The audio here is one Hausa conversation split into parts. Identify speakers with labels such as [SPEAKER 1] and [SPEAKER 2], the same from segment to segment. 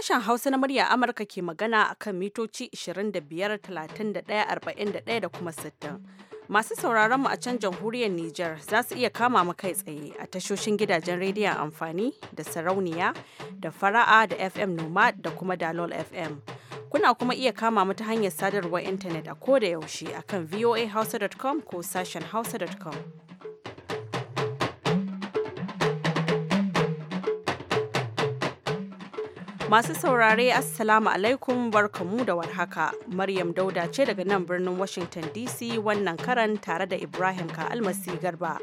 [SPEAKER 1] Sashen Hausa na murya Amurka ke magana a kan mitoci 25, 31, 41 da kuma 60. Masu sauraron mu a can jamhuriyar Nijar za su iya kama mu kai tsaye a tashoshin gidajen rediyon amfani da sarauniya da fara'a da FM Nomad da kuma Dalol FM. Kuna kuma iya kama mu ta hanyar sadarwar intanet a ko da yaushe akan voahausa.com ko sashen hausa.com. Masu saurare Assalamu alaikum barkamu da warhaka. Maryam Dauda ce daga nan birnin Washington DC wannan karan tare da Ibrahim Ka'almasi Garba.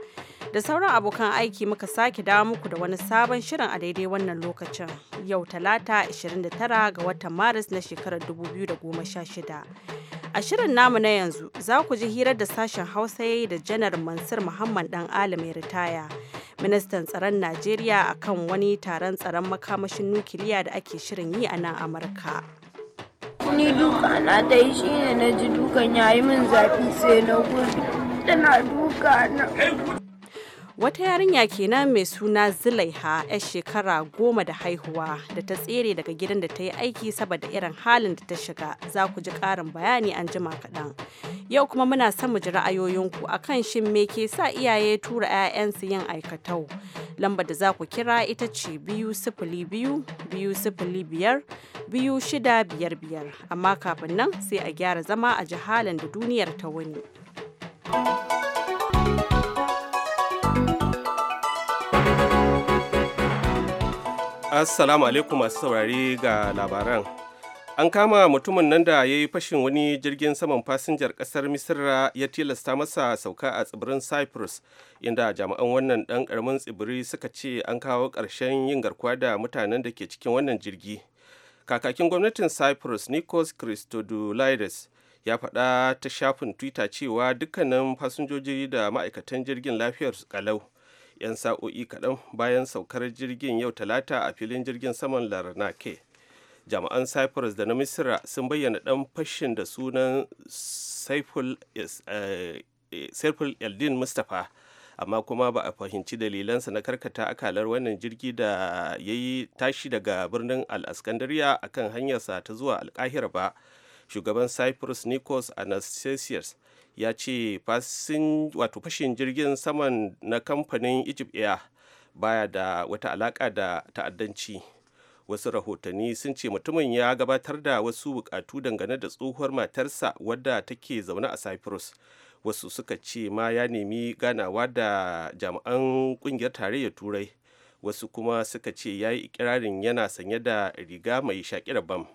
[SPEAKER 1] Da sauran abokan aiki muka sake dawo muku da wani sabon shirin a daidai wannan lokacin. Yau talata 29 ga watan Maris na shekarar 2016. A shirin namu na yanzu za ku ji hirar da sashen Hausa da janar Mansur Muhammad dan Ali mai ritaya. ministan tsaron najeriya akan wani taron tsaron makamashin nukiliya da ake shirin yi a nan amurka ni duka na ta yi shine na ji dukan yayi min zafi sai na gudu
[SPEAKER 2] tana duka na
[SPEAKER 1] wata yarinya kenan mai suna zulaiha 'yar shekara goma da haihuwa da ta tsere daga gidan da ta yi aiki saboda irin halin da ta shiga za ku ji ƙarin bayani an jima kaɗan yau kuma muna son mu ji ra'ayoyinku a kan shin me ke sa iyaye tura 'ya'yansu yin aikatau lambar da za ku kira ita ce biyu sifili biyu biyu sifili biyar biyu shida biyar biyar amma kafin nan sai a gyara zama a ji halin da duniyar ta wuni. thank you
[SPEAKER 3] Assalamu alaikum masu saurari ga labaran. An kama mutumin nan da ya yi fashin wani jirgin saman fasinjar ƙasar Misira ya tilasta masa sauka a tsibirin Cyprus, inda jami'an wannan ɗan ƙaramin tsibiri suka ce an kawo ƙarshen yin garkuwa da mutanen da ke cikin wannan jirgi. Kakakin gwamnatin Cyprus Nikos Christodoulides ya faɗa ta shafin Twitter cewa dukkanin fasinjoji da ma'aikatan jirgin lafiyar kalau. 'yan sa'o'i kaɗan bayan saukar jirgin yau talata a filin jirgin saman larnake jami'an cyprus da na misira sun bayyana ɗan fashin da sunan eh, eh, saiful eldin mustapha amma kuma ba a fahimci dalilansa na karkata akalar wannan jirgi da ya yi tashi daga birnin al'askandariya akan hanyarsa ta zuwa alkahira ba shugaban cyprus nikos anastasius ya ce fashin jirgin saman na kamfanin egypt air baya da wata alaka da ta'addanci wasu rahotanni sun ce mutumin ya gabatar da wasu bukatu dangane da tsohuwar matarsa wadda take zaune a cyprus wasu suka ce ma ya nemi ganawa da jami'an kungiyar tarayyar turai wasu kuma suka ce ya yi ikirarin yana sanye da riga mai shakirar bam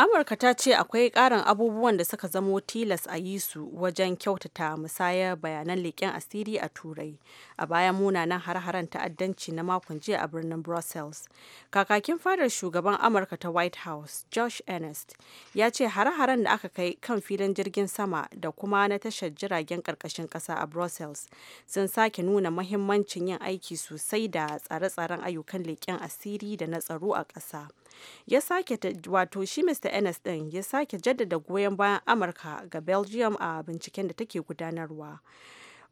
[SPEAKER 1] amurka ta ce akwai ƙarin abubuwan da suka zamo tilas a yi su wajen kyautata musayar bayanan leƙen asiri a turai a bayan munanan har-haren ta'addanci na makon jiya a birnin brussels kakakin fadar shugaban amurka ta white house josh ernest ya ce har-haren da aka kai kan filin jirgin sama da kuma na tashar jiragen karkashin kasa a brussels sun sake nuna mahimmancin yin aiki sosai da tsare-tsaren ayyukan leƙen asiri da na tsaro a ƙasa. ya sake wato shi mr ennis din ya sake jaddada goyon bayan amurka ga belgium a binciken da take gudanarwa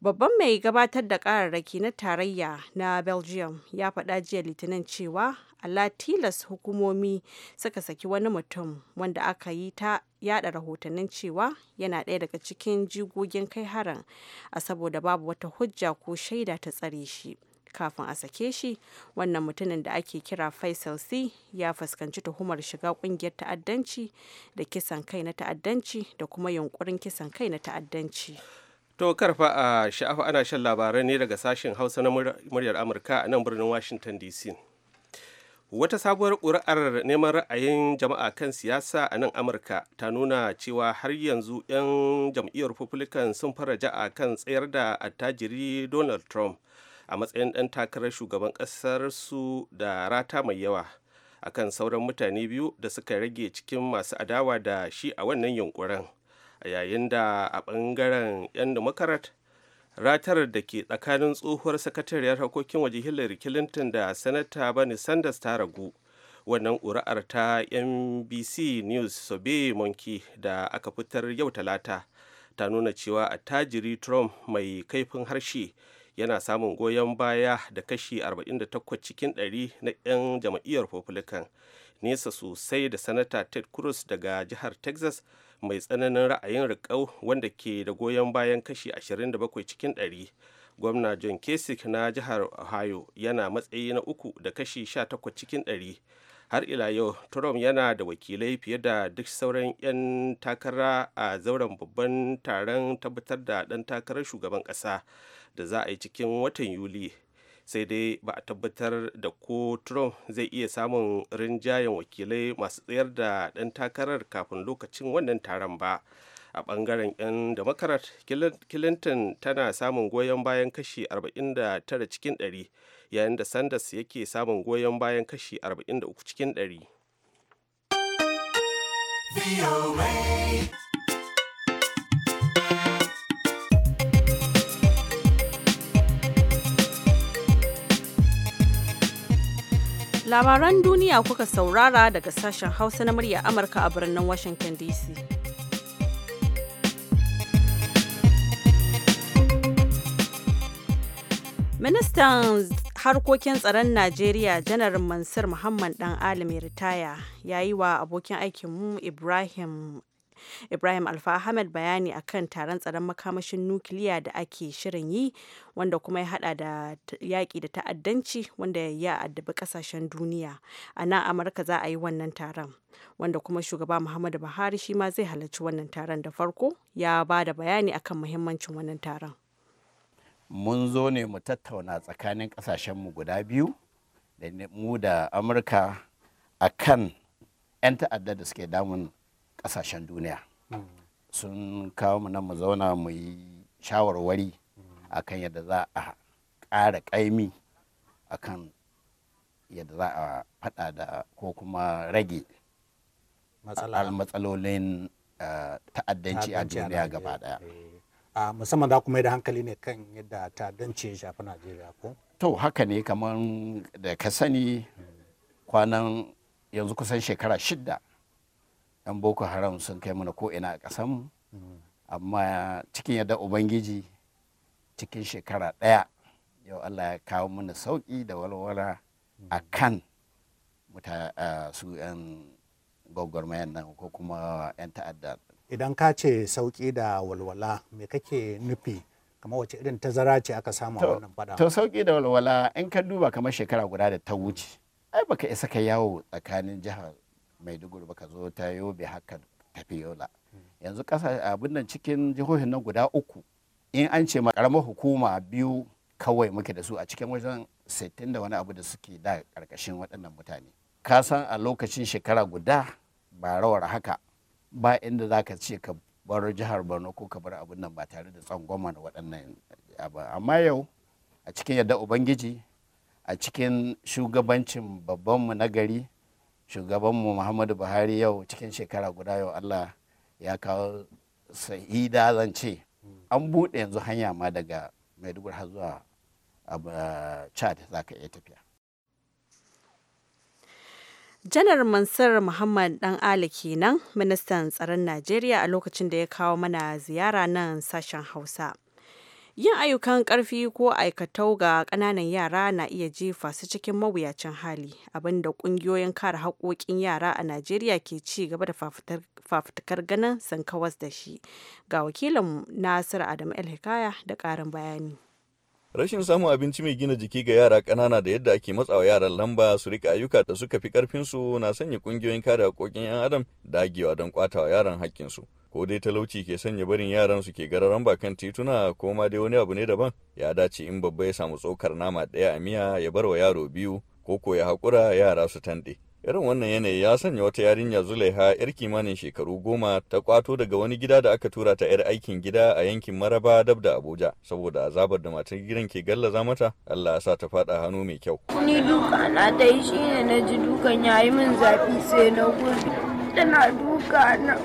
[SPEAKER 1] babban mai gabatar da kararraki na tarayya na belgium ya faɗa jiya litinin cewa Allah tilas hukumomi suka saki wani mutum wanda aka yi ta yada rahotannin cewa yana ɗaya daga cikin jigogin kai harin a saboda babu wata hujja ko shaida ta tsare shi kafin a sake shi wannan mutumin da ake kira faisal c ya fuskanci tuhumar shiga kungiyar ta'addanci da kisan kai na ta'addanci da kuma yunkurin kisan kai na ta'addanci
[SPEAKER 3] to karfa a sha'afa ana shan labarai ne daga sashen hausa na muryar amurka a nan birnin washington dc wata sabuwar ƙuri'ar neman ra'ayin jama'a kan siyasa a nan amurka ta nuna cewa har yanzu 'yan jam'iyyar republican sun fara ja'a kan tsayar da attajiri donald trump a matsayin ɗan takarar shugaban ƙasar su da rata mai yawa a kan sauran mutane biyu da suka rage cikin masu adawa da shi a wannan yunkurin a yayin da a ɓangaren 'yan demokrat ratar da ke tsakanin tsohuwar sakatariyar harkokin waje hillary clinton da sanata bani sanders ta ragu wannan ƙuri'ar ta nbc news sobe monkey da aka fitar yau talata ta nuna cewa attajiri trump mai kaifin harshe yana samun goyon baya da kashi 48 cikin 100 na 'yan jam'iyyar republican nesa sosai da sanata ted cruz daga jihar texas mai tsananin ra'ayin riƙau wanda ke da goyon bayan kashi 27 cikin 100 gwamna john kasich na jihar ohio yana matsayi na uku da kashi 18 cikin 100 har ila yau trump yana da wakilai fiye da duk sauran 'yan takara a zauren babban taron tabbatar da ɗan takarar shugaban ƙasa da za a yi cikin watan yuli sai dai ba a tabbatar da ko trump zai iya samun rinjayen wakilai masu tsayar da ɗan takarar kafin lokacin wannan taron ba a ɓangaren 'yan democrat clinton tana samun goyon bayan kashi 49 cikin 100 yayin da sanders yake samun goyon bayan kashi 43 cikin 100
[SPEAKER 1] Labaran duniya kuka saurara daga sashen Hausa na murya Amurka a birnin Washington DC. Ministan harkokin tsaron Najeriya janar Mansur Muhammad Dan Ali mai ritaya ya yi wa abokin aikinmu Ibrahim Ibrahim Alfa Ahmed bayani akan taron tsaron makamashin nukiliya da ake shirin yi wanda kuma ya hada da yaƙi da ta'addanci wanda ya addabi ƙasashen duniya. A nan Amurka za a yi wannan taron wanda kuma shugaba Muhammadu Buhari shi ma zai halarci wannan taron da farko ya ba da bayani akan muhimmancin wannan taron.
[SPEAKER 4] Mun zo ne mu tattauna tsakanin ƙasashenmu guda biyu da mu da Amurka a kan 'yan ta'adda da suke damun kasashen duniya sun kawo mu nan mu zauna mu yi shawarwari akan yadda za a ƙara ƙaimi akan yadda za a faɗa da ko kuma rage matsalolin eh, ta'addanci a duniya gaba daya eh, ah, musamman za ku mai da hankali ne kan yadda ta'addanci ya shafi najeriya ko to haka ne kamar da ka sani kwanan yanzu kusan shekara shidda 'yan boko haram sun kai mana ko'ina a ƙasanmu mm. amma cikin yadda ubangiji cikin shekara ɗaya yau allah ya kawo mana sauƙi da walwala a mm. kan su 'yan gwagwarmayan nan ko kuma 'yan ta'adda idan ka ce sauƙi da walwala me kake nufi kama wace irin tazara ce aka samu a wannan fada to sauƙi da walwala in ka duba kamar shekara guda da ta wuce ai baka isa ka yawo tsakanin jihar maiduguri ba ka zo ta yobe hakan tafi yola yanzu kasa abin nan cikin jihohin nan guda uku in an ce ma karamar hukuma biyu kawai muke da su a cikin wajen 60 da wani abu da suke da karkashin waɗannan mutane ka san a lokacin shekara guda ba rawar haka ba inda za ka ce ka bar jihar borno ko ka bar abin nan ba tare da tsangwama da waɗannan abu amma yau a cikin yadda ubangiji a cikin shugabancin babbanmu na gari shugabanmu muhammadu buhari yau cikin shekara guda yau allah ya kawo sa'ida zan ce an buɗe yanzu hanya ma daga maiduguri har zuwa chad za ka iya tafiya
[SPEAKER 1] janar mansur muhammad dan ali kenan ministan tsaron najeriya a lokacin da ya kawo mana ziyara nan sashen hausa Yin ayyukan karfi ko aikatau ga ƙananan yara na iya jefa su cikin mawuyacin hali, abinda kungiyoyin kare haƙoƙin yara a Najeriya ke ci gaba da fafutukar ganin sun kawas da shi. Ga wakilin nasir Adamu El Hikaya da ƙarin bayani.
[SPEAKER 5] Rashin samun abinci mai gina jiki ga yara ƙanana da yadda ake matsawa yaran lamba su rika ayyuka da suka fi ƙarfinsu na sanya ƙungiyoyin kare haƙoƙin 'yan adam dagewa don ƙwatawa yaran haƙƙinsu. Ko dai talauci ke sanya barin yaran su ke gararan kan tituna ko ma dai wani abu ne daban ya dace in babba ya samu tsokar nama ɗaya a miya ya bar wa yaro biyu ko ko ya haƙura yara su tanɗe. irin wannan yanayi ya sanya wata yarinya zulaiha yar kimanin shekaru goma ta kwato daga wani gida da aka tura ta yar aikin gida a yankin maraba dab da abuja saboda azabar da matar gidan ke gallaza mata allah ya sa ta fada hannu mai kyau
[SPEAKER 6] ni duka na
[SPEAKER 7] ta yi shine na ji dukan yayi min zafi sai na gudu tana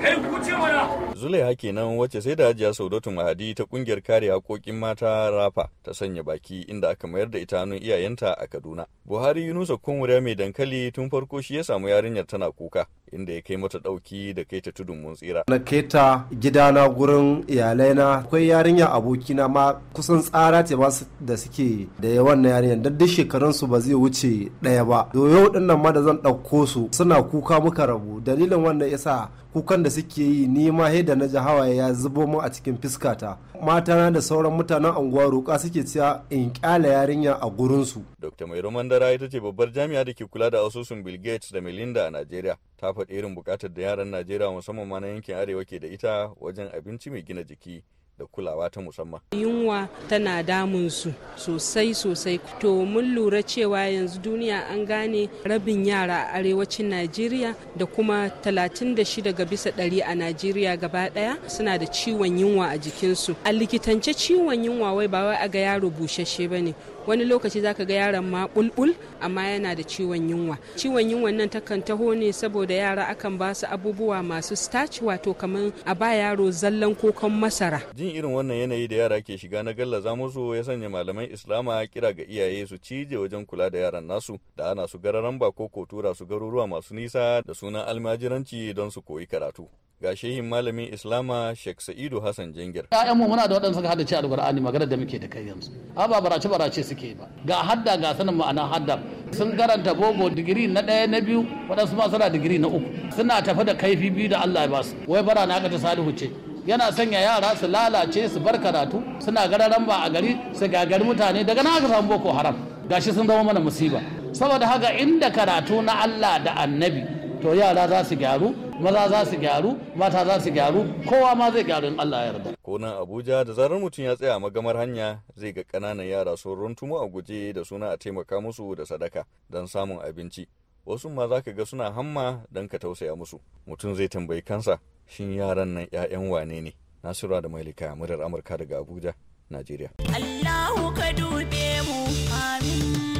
[SPEAKER 5] Zulaiha kenan wacce sai da Hajiya Saudatu Mahadi ta kungiyar kare haƙoƙin mata Rafa ta sanya baki inda aka mayar da ita hannun iyayenta a Kaduna. Buhari Yunusa Kunwura mai dankali tun farko shi ya samu yarinyar tana kuka inda ya kai mata ɗauki da kai ta tudun mun tsira. Na
[SPEAKER 2] kai ta na gurin iyalaina akwai yarinya abokina ma kusan tsara ce ba da suke da yawan na yarinyar da duk shekarunsu ba zai wuce ɗaya ba. Yau ɗin nan ma da zan ɗauko su suna kuka muka rabu dalilin wannan yasa kukan da suke yi ni ma da na ji hawaye ya zubo mu a cikin fiskata matana da sauran mutanen anguwa roƙa suke cewa in kyala yarinya a gurinsu.
[SPEAKER 5] Dr. Mai dara ita ce babbar jami'a da ke kula da asusun Bill Gates da Melinda a Najeriya. Ta faɗi irin buƙatar da yaran Najeriya musamman ma na yankin arewa ke da ita wajen abinci mai gina jiki da kulawa ta musamman.
[SPEAKER 1] Yunwa tana damun su sosai sosai to mun lura cewa yanzu duniya an gane rabin yara a arewacin Najeriya da kuma 36 ga bisa ɗari a Najeriya gaba ɗaya suna da ciwon yunwa a jikinsu. A likitance ciwon yunwa wai ba wai a ga yaro bushashe ba ne wani lokaci za ka ga yaron ma bulbul amma yana da ciwon yunwa ciwon yunwan nan takan taho ne saboda yara akan ba su abubuwa masu starch wato kamar a ba yaro zallan kokon masara
[SPEAKER 5] jin irin wannan yanayi da yara ke shiga na gallaza musu ya sanya malaman islama kira ga iyaye su cije wajen kula da yaran nasu da ana su gararan ba ko tura su garuruwa masu nisa da sunan almajiranci don su koyi karatu ga shehin malamin islama sheikh sa'idu hassan ya'yan mu muna da
[SPEAKER 2] waɗanda suka hada ci alƙur'ani magana da muke da kai yanzu a ba barace barace suke ba ga hadda ga sanin ma'ana hadda sun karanta bogo digiri na ɗaya na biyu waɗansu ma suna digiri na uku suna tafi da kaifi biyu da Allah ya ba su wai bara na ta salihu ce yana sanya yara su lalace su bar karatu suna gararan ba a gari su gagari mutane daga na aka samu boko haram gashi sun zama mana musiba saboda haka inda karatu na Allah da annabi to yara za su gyaru maza za su gyaru mata za su gyaru kowa
[SPEAKER 5] ma zai gyaru in Allah ya yarda ko nan Abuja da zarar mutum ya tsaya magamar hanya zai ga ƙananan yara sun runtumo a guje da suna a taimaka musu da sadaka don samun abinci wasu ma za ka ga suna hamma don ka tausaya musu mutum zai tambayi kansa shin yaran nan 'ya'yan wane ne nasura da mailika murar amurka daga abuja najeriya
[SPEAKER 1] allahu ka dube mu amin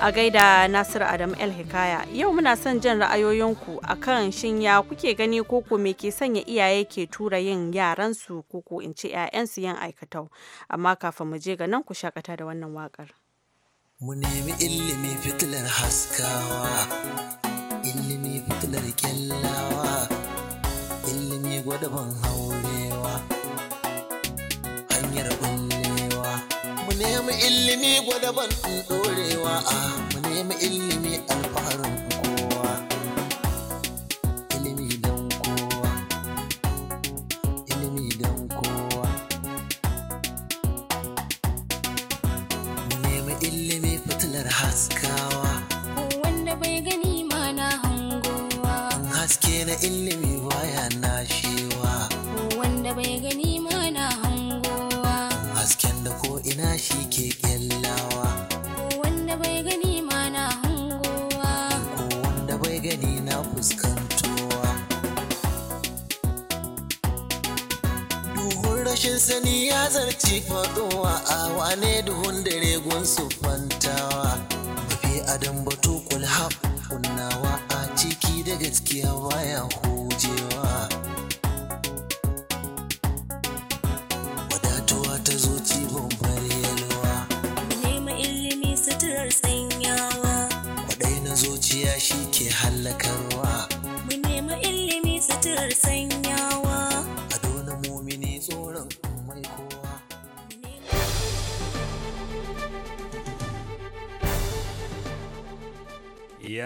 [SPEAKER 1] a gaida nasiru Adam El Hikaya. Yau muna son jin ra'ayoyinku akan shin ya kuke gani koko me ke sanya iyaye ke tura yin yaransu koko in ce 'ya'yansu yin aikatau. Amma kafin mu je ga nan ku shakata da wannan wakar.
[SPEAKER 2] Mu nemi ilimi fitilar haskawa, ilimi fitilar kyallawa, ilimi gwada haurewa, hanyar ɓullewa.
[SPEAKER 6] nemi ilimi
[SPEAKER 2] gwadaban ɗorewa a mu nemi ilimi alfaharin kowa ilimi don kowa ilimi don kowa mu nemi ilimi fitilar haskawa
[SPEAKER 1] wanda bai gani mana hangowa
[SPEAKER 2] haske na ilimi baya gani ya zarci faɗowa a wane duhun dare gunsu kwantawa mafi adam batu kulhaf kunnawa a ciki da gaskiya baya hujewa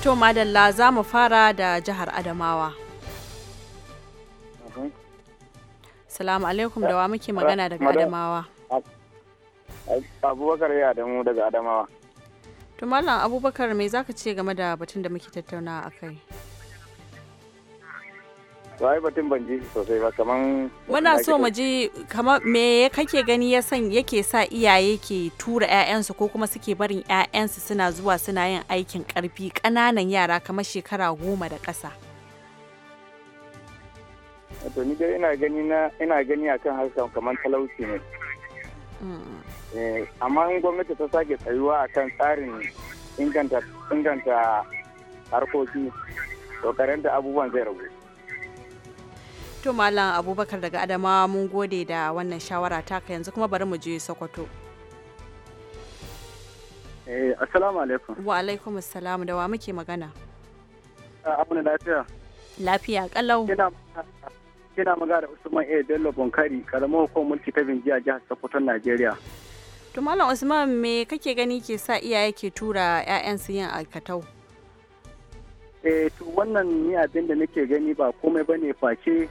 [SPEAKER 1] To madalla za mu fara da jihar Adamawa. Mhm. Salamu alaikum da wa muke magana daga Adamawa.
[SPEAKER 7] Abubakar ya Adamu daga Adamawa.
[SPEAKER 1] To Mallam Abubakar me zaka ce game da batun da muke tattauna a kai?
[SPEAKER 7] Wai batun ban ji sosai ba kaman Muna so mu ji
[SPEAKER 1] kamar me kake gani ya san yake sa iyaye ke tura ƴaƴansu ko kuma suke barin ƴaƴansu suna zuwa suna yin aikin karfi ƙananan yara kamar shekara goma da ƙasa.
[SPEAKER 7] To ni dai ina gani na ina gani akan harshen kamar talauci ne. Mm. Eh, amma in gwamnati ta sake tsayuwa akan tsarin inganta harkoki to karanta abubuwan zai ragu.
[SPEAKER 1] to malam abubakar daga adama mun gode da wannan shawara taka yanzu kuma bari mu je sokoto
[SPEAKER 7] eh assalamu alaikum
[SPEAKER 1] wa alaikum assalam da wa muke magana
[SPEAKER 7] ah, amuna lafiya
[SPEAKER 1] lafiya kalau kina
[SPEAKER 7] kina magana usman a bello bonkari karamar hukumar mulki ta binjiya jihar sokoto najeriya
[SPEAKER 1] to malam usman me kake gani ke sa iyaye ke tura su yin alkatau
[SPEAKER 7] eh to wannan ni abin da nake gani ba komai bane face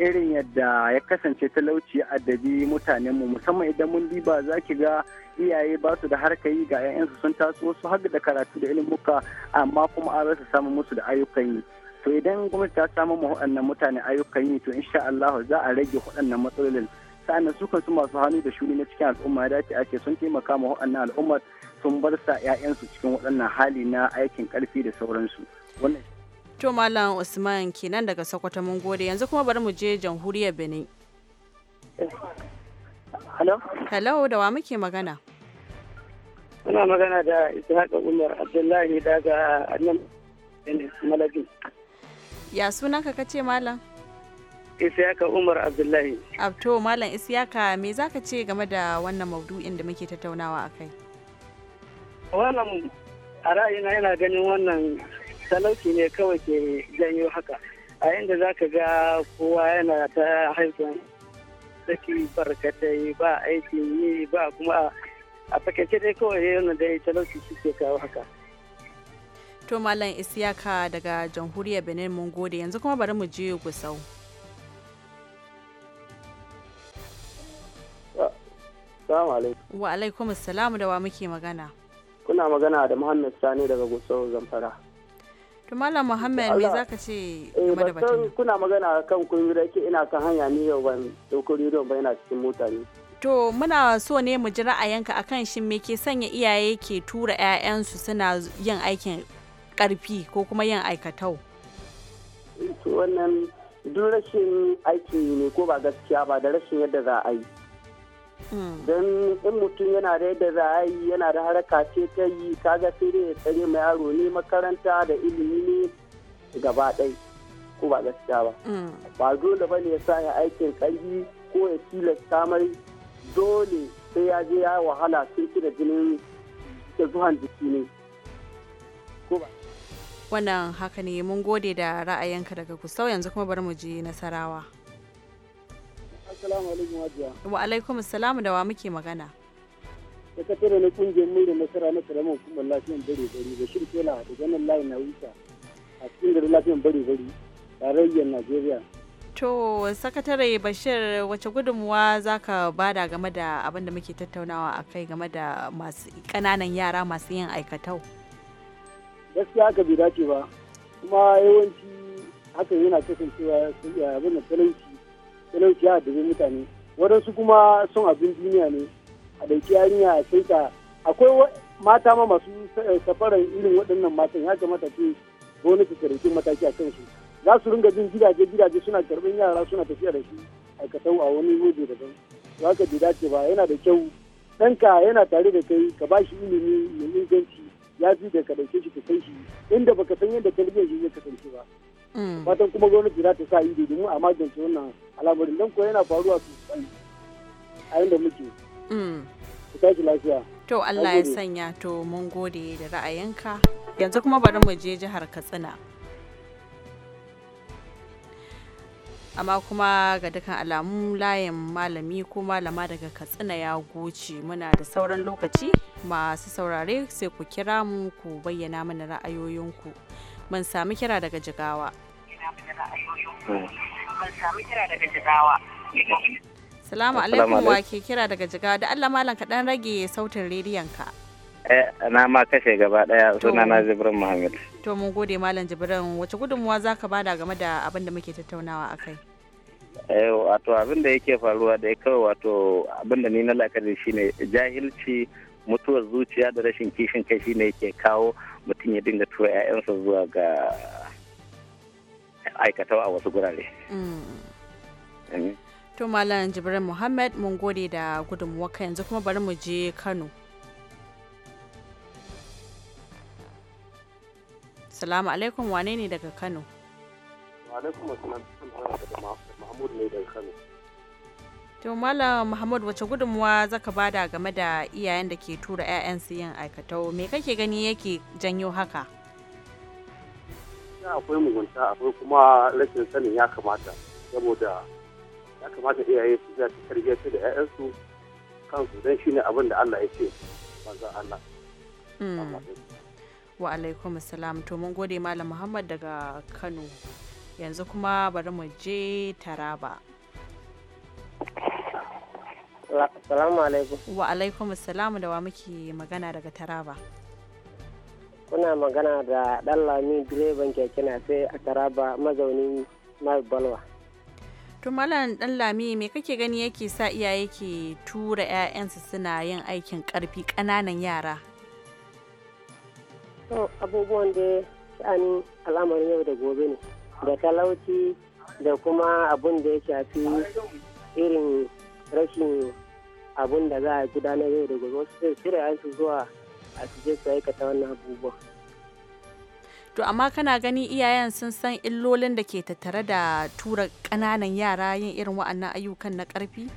[SPEAKER 7] irin yadda ya kasance talauci addabi mutanenmu musamman idan mun diba za ki ga iyaye ba su da harka yi ga 'ya'yansu sun taso su har da karatu da ilimuka amma kuma an rasa samun musu da ayyukan yi to idan gwamnati ta samu mu waɗannan mutane ayyukan yi to insha Allah za a rage waɗannan matsalolin sa'annan su kansu masu hannu da shuni na cikin al'umma da ce ake sun taimaka ma waɗannan al'ummar sun bar sa 'ya'yansu cikin waɗannan hali na aikin ƙarfi da sauransu wannan
[SPEAKER 1] To Malam Usman kenan daga Sokoto mun gode yanzu kuma bari mu je jamhuriyar Benin. Hello? Hello da wa muke magana?
[SPEAKER 7] ina magana da Ishaq Umar Abdullahi daga annan Malajin.
[SPEAKER 1] Ya sunanka kace Malam?
[SPEAKER 7] Isiyaka Umar Abdullahi.
[SPEAKER 1] Abto Malam Isiyaka me za ka ce game da wannan maudu'in da muke tattaunawa a kai?
[SPEAKER 7] Wannan a ra'ayina yana ganin wannan talauci ne kawai ke janyo haka a inda za ka ga kowa yana ta haifin saki barkatai ba aiki yi ba kuma a fakaice dai kawai yana da talauci suke kawo haka
[SPEAKER 1] to malam isiyaka daga jamhuriyar benin mun gode yanzu kuma bari mu je gusau wa alaikum salamu da wa muke magana
[SPEAKER 7] kuna magana da muhammad sani daga gusau zamfara to malam muhammad me zaka ce eh, game da batun kuna magana kan kurido yake ina kan hanya ne yau ban kurido ba yana cikin mota ne
[SPEAKER 1] to muna so ne mu ji ra'ayinka akan shin me ke sanya iyaye ke tura 'ya'yansu suna yin aikin karfi ko kuma yin aikatau
[SPEAKER 7] eh, to wannan duk rashin aiki ne ko ba gaskiya ba da rashin yadda za a yi don in mutum yana da yadda za a yi yana da haraka ce ta yi kaga sai dai ya tsare mai yaro ne makaranta da ilimi ne gaba ɗai ko ba gaskiya ba ba dole ba ne ya sa ya aikin ƙarfi ko ya tilasta mai dole sai ya je ya wahala sai ki da jinin da zuhan jiki ne
[SPEAKER 1] ko ba wannan haka ne mun gode da ra'ayinka daga kusau yanzu kuma bari mu je nasarawa
[SPEAKER 7] Assalamu alaikum
[SPEAKER 1] Wa alaikum assalam da wa muke magana.
[SPEAKER 7] Sakatare na kungiyar mai da nasara na karamar hukumar lafiyan bare bari Bashir Kela da ganin layin na wuta a cikin garin lafiyan bare bari tarayyar Najeriya.
[SPEAKER 1] To sakatare Bashir wace gudunmuwa za ka bada game da abin da muke tattaunawa a kai game da masu ƙananan yara masu yin aikatau?
[SPEAKER 7] Gaskiya aka bai dace ba, kuma yawanci haka yana kasancewa abin da talauci talauci a dubin mutane waɗansu kuma son abin duniya ne a ɗauki yarinya a sai ta akwai mata ma masu eh, safarar irin waɗannan matan ya kamata ce gwamnati ta rikin mataki a kansu za su ringa jin gidaje gidaje suna karɓar yara suna tafiya da su aikatau a wani waje daban to haka bai dace ba yana da kyau ɗanka yana tare da kai ka bashi ilimi mai inganci ya fi da ka ɗauke shi ka kai shi inda baka san yadda tarbiyyar shi zai kasance ba Mm. fatan kuma gwamnati za ta sa ido domin a magance wannan al'amarin don ko yana faruwa sosai a yadda muke mm. ku tashi lafiya to Allah ya
[SPEAKER 1] sanya to mun gode da ra'ayinka yanzu kuma bari mu je jihar Katsina amma kuma ga dukkan alamu layin malami ko malama daga katsina ya goce muna da sauran lokaci masu saurare sai ku kira mu ku bayyana mana ra'ayoyinku. ban sami kira daga jigawa salamu alaikum wa ke kira daga jigawa da allah malam ka dan rage sautin rediyon ka
[SPEAKER 7] eh, na ma kashe gaba daya suna na jibrin muhammad
[SPEAKER 1] to mun gode malam jibrin wace gudunmuwa za ka bada game da abin da muke tattaunawa a kai
[SPEAKER 7] eh, wato abin da yake faruwa da ya kawai wato abin da ni na shi shine jahilci mutuwar zuciya da rashin kishin kai shine yake kawo mutum ya dinga tura 'ya'yansa zuwa ga aikatawa a wasu gurare.
[SPEAKER 1] Mm. Mm. To Malam Jibrin Muhammad mun gode da gudunmuwarka yanzu kuma bari mu je Kano. Salamu alaikum wane ne daga Kano?
[SPEAKER 7] Wa alaikum wasu ne daga Kano.
[SPEAKER 1] To Malam Muhammad wace gudunmuwa zaka bada game da iyayen da ke tura 'ya'yansu yin aikatau me kake gani yake janyo haka?
[SPEAKER 7] akwai mugunta akwai kuma rashin sanin ya kamata saboda ya kamata iyaye su za su tarbiyyar da su kansu don shi ne abin da Allah ya ce maza Allah.
[SPEAKER 1] Hmm. Wa alaikum salam to mun gode Malam Muhammad daga Kano yanzu kuma bari mu je Taraba.
[SPEAKER 7] Assalamu alaikum.
[SPEAKER 1] Wa alaikum assalamu da wa muke magana daga Taraba.
[SPEAKER 7] Kuna magana da ɗan lami direban keke na sai a Taraba mazauni Mai Balwa.
[SPEAKER 1] To Malam ɗan lami me kake gani yake sa iyaye ke tura 'ya'yansu suna yin aikin ƙarfi ƙananan yara?
[SPEAKER 7] To abubuwan da sha'ani al'amarin yau da gobe ne da talauci da kuma abun da ya shafi irin rashin abun da za a gudanar yau da gobe wasu sai an su zuwa a suje su aikata wannan abubuwa.
[SPEAKER 1] To amma kana gani iyayen sun san illolin da ke tattare da tura ƙananan yara yin irin wa'annan ayyukan na ƙarfi?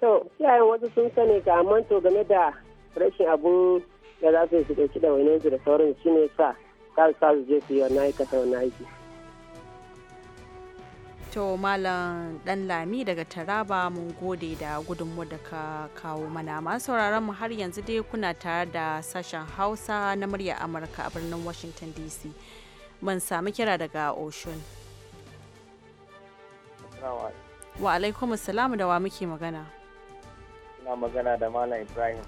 [SPEAKER 7] To iyayen wasu sun sani ga manto game da rashin abun da za su yi su ɗauki da wani da sauran shi ne sa ka su je su yi wannan aikata wannan aiki.
[SPEAKER 1] to malam dan lami daga taraba mun gode da gudunmu da ka kawo mana masu sauraron mu har yanzu dai kuna tare da sashen hausa na murya amurka a birnin washington dc mun sami kira daga oshun wa alaikum salamu da wa muke magana
[SPEAKER 7] ina magana da malam ibrahim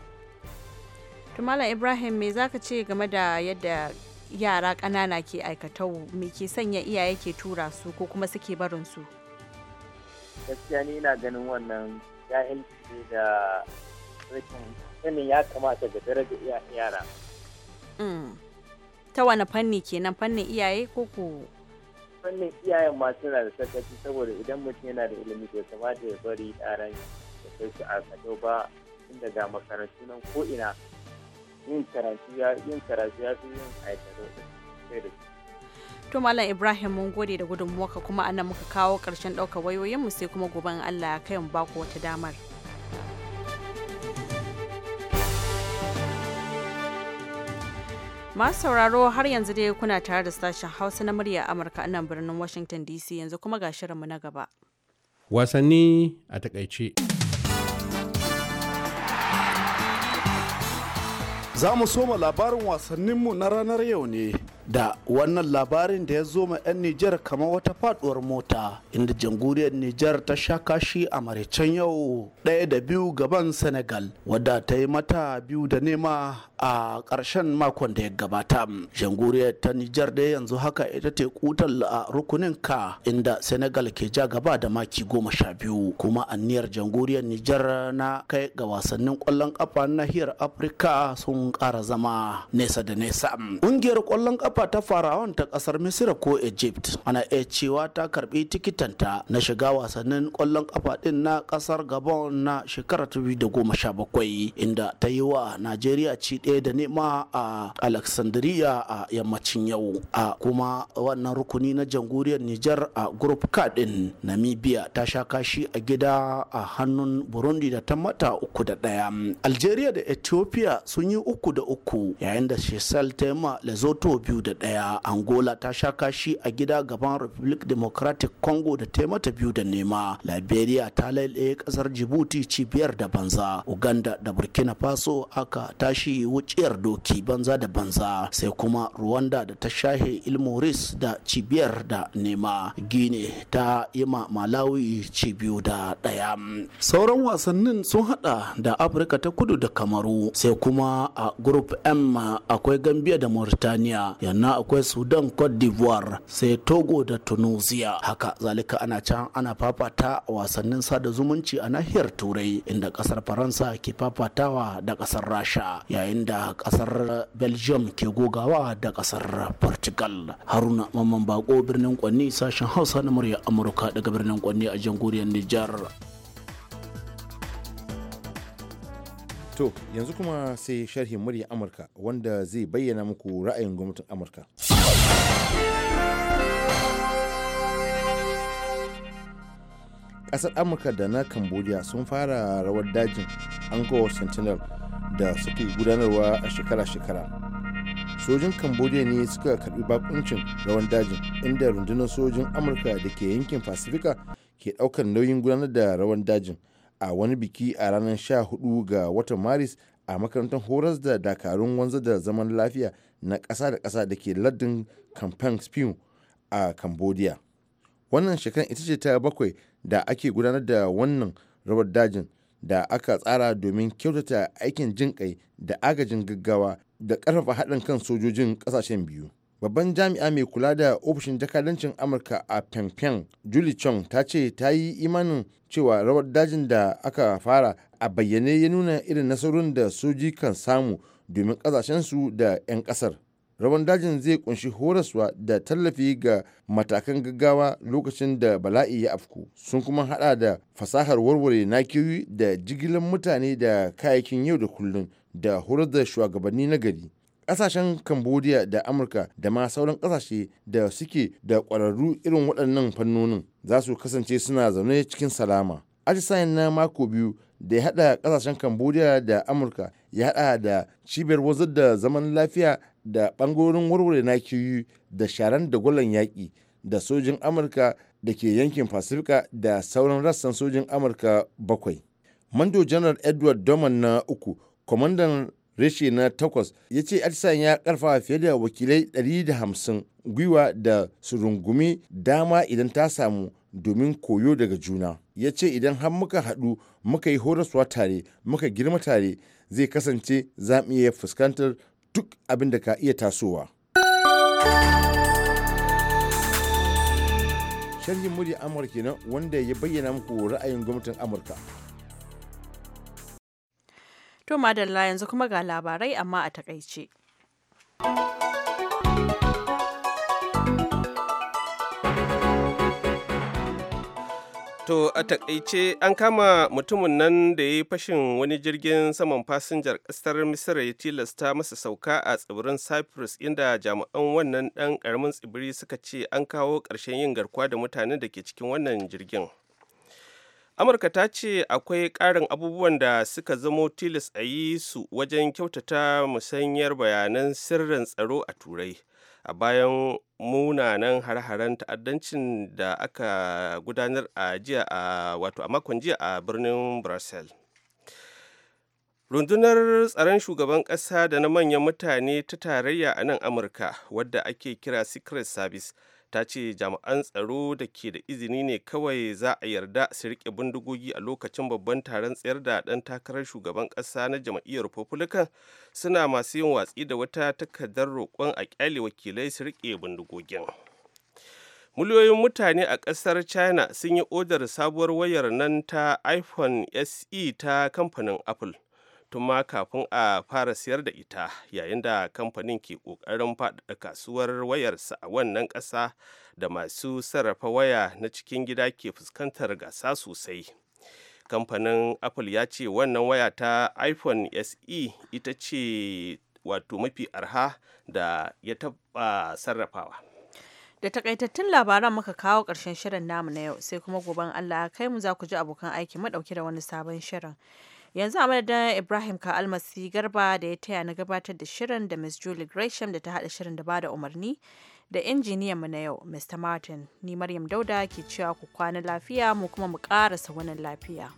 [SPEAKER 1] to malam ibrahim me zaka ce game da yadda yara ƙanana ke aikatau, me ke sanya iyaye ke tura su ko kuma suke barin su
[SPEAKER 7] gaskiya ni ina ganin wannan jahilci da rashin sanin ya kamata ga daraja yara
[SPEAKER 1] mm. ta wani fanni kenan fannin iyaye ko
[SPEAKER 3] ko
[SPEAKER 7] fannin iyayen ma suna da sakaci saboda idan mutum yana da ilimi bai kamata ya bari yaran da kai su a ba inda ga makarantu nan ko ina yin yin aikata
[SPEAKER 1] to malam ibrahim mun gode da gudunmuwarka kuma anan muka kawo karshen ɗaukar wayoyinmu sai kuma gobe in allah ya kai mu baku wata damar masu sauraro har yanzu dai kuna tare da sashen hausa na murya amurka nan birnin washington dc yanzu kuma ga shirinmu na gaba
[SPEAKER 3] wasanni a takaice
[SPEAKER 2] Za mu soma labarin wasanninmu na ranar yau ne da wannan labarin da ya zo ma 'yan Nijar kama wata faduwar mota inda jamhuriyar Nijar ta sha kashi a maraicen yau ɗaya da biyu gaban Senegal wadda ta yi mata biyu da nema a ƙarshen makon da ya gabata. Jamhuriyar ta Nijar da yanzu haka ita ce kutar a rukunin ka inda Senegal ke ja gaba da maki goma sha biyu kuma anniyar jamhuriyar Nijar na kai ga wasannin ƙwallon ƙafa nahiyar Afirka sun ƙara zama nesa da nesa. Ƙungiyar ƙwallon ƙafa kafa ta farawan ta kasar misira ko egypt ana iya cewa ta karbi tikitanta na shiga wasannin kwallon kafa din na kasar gabon na shekarar 2017 inda ta yi wa najeriya ci ɗaya da nema a alexandria a yammacin yau a kuma wannan rukuni na jamhuriyar nijar a group k din namibia ta sha kashi a gida a hannun burundi da ta mata uku da ɗaya algeria da ethiopia sun yi uku da uku yayin da shesal ma lesotho biyu angola ta sha kashi a gida gaban republic democratic congo da ta mata biyu da nema liberia ta lailaye ƙasar djibouti cibiyar da banza uganda da burkina faso aka tashi wuciyar doki banza da banza sai kuma rwanda da ta shahe ilmoris da cibiyar da nema gine ta yi ma malawi cibiyu da ɗaya sauran wasannin sun hada da afirka ta kudu da kamaru sai kuma a group m akwai gambia da mauritania daga akwai sudan cote d'ivoire sai togo da tunisia haka zalika ana can ana fafata wasannin sada zumunci a nahiyar turai inda kasar faransa ke fafatawa da kasar rasha yayin da kasar belgium ke gogawa da kasar portugal haruna mamman bako birnin kwanni sashen hausa na murya amurka daga birnin kwanni a jamhuriyar nijar
[SPEAKER 6] To yanzu kuma sai sharhin murya Amurka wanda zai bayyana muku ra'ayin gwamnatin Amurka. Ƙasar Amurka da na Cambodia sun fara rawar dajin Angkor Sentinel da suke gudanarwa a shekara-shekara. Sojin Cambodia ne suka karbi bakuncin rawar dajin inda rundunar sojin Amurka da ke yankin Pacifica ke ɗaukar nauyin gudanar da rawar dajin. a wani biki a ranar 14 ga watan maris a makarantar horas da dakarun wanzu da zaman lafiya na ƙasa da ƙasa da ke lardin kamfan spew a cambodia wannan shekarar ita ce ta bakwai da ake gudanar da wannan rabar dajin da aka tsara domin kyautata aikin jinƙai da agajin gaggawa da ƙarfafa haɗin kan sojojin ƙasashen biyu babban jami'a mai kula da ofishin jakadancin amurka a pyongyang julie chong ta ce ta yi imanin cewa rawar dajin da aka fara a bayyane ya nuna irin nasarun da soji kan samu domin su da 'yan kasar rawan dajin zai kunshi horaswa da tallafi ga matakan gaggawa lokacin da bala'i ya afku sun kuma hada da fasahar warware nakiyoyi da jigilan mutane da kayayyakin yau da kullum da horar da shugabanni na gari kasashen cambodia da amurka da ma sauran kasashe da suke da kwararru irin waɗannan fannonin za su kasance suna zaune cikin salama ajisayen na mako biyu da ya haɗa kasashen cambodia da amurka ya haɗa da cibiyar wazir da zaman lafiya da ɓangarorin warware na kiyu da sharan da gwalan yaƙi da sojin amurka da ke yankin pacifica da sauran rassan sojin amurka bakwai mando janar edward doman na uku kwamandan reshe na takwas ya ce atisayen ya karfafa fiye da wakilai 150 gwiwa da su rungumi dama idan ta samu domin koyo daga juna ya ce idan har muka haɗu muka yi horaswa tare muka girma tare zai kasance za mu iya fuskantar duk abin da ka iya tasowa sharhin murya amurka kenan wanda ya bayyana muku ra'ayin gwamnatin amurka
[SPEAKER 1] To madalla yanzu kuma ga labarai amma a takaice.
[SPEAKER 3] To a takaice an kama mutumin nan da ya yi fashin wani jirgin saman fasinjar ƙasar Misira ya tilasta masa sauka a tsibirin Cyprus inda jami'an wannan ɗan ƙaramin tsibiri suka ce an kawo ƙarshen yin garkuwa da mutanen da ke cikin wannan jirgin. amurka ta ce akwai ƙarin abubuwan da suka zamo tilas a yi su wajen kyautata musanyar bayanan sirrin tsaro a turai a bayan munanan har-haren ta'addancin da aka gudanar a jiya a wato a makon jiya a birnin brussels rundunar tsaron shugaban ƙasa da na manyan mutane ta tarayya a nan amurka wadda ake kira secret service ta ce jami'an tsaro da ke da izini ne kawai za a yarda su rike bindigogi a lokacin babban taron tsayar da ɗan takarar shugaban ƙasa na jam'iyyar republican suna masu yin watsi da wata takardar roƙon a ƙyale wakilai su rike bindigogin miliyoyin mutane a ƙasar china sun yi odar sabuwar wayar nan ta iphone se ta kamfanin apple tun ma kafin a fara siyar da ita yayin da kamfanin ke kokarin faɗaɗa kasuwar wayarsa a wannan ƙasa da masu sarrafa waya na cikin gida ke fuskantar gasa sosai kamfanin apple ya ce wannan waya ta iphone se ita ce wato mafi arha da ya taɓa sarrafawa da
[SPEAKER 1] takaitattun labaran muka kawo ƙarshen shirin namu na yau sai kuma gobe allah kai mu za ku ji abokan aiki madauke da wani sabon shirin yanzu a madadin ibrahim ka almasi garba da ya taya na gabatar da shirin da miss julie gresham da ta haɗa shirin da bada umarni da injiniyan mu na yau mr martin ni maryam dauda ke cewa ku kwana lafiya mu kuma mu ƙarasa wani lafiya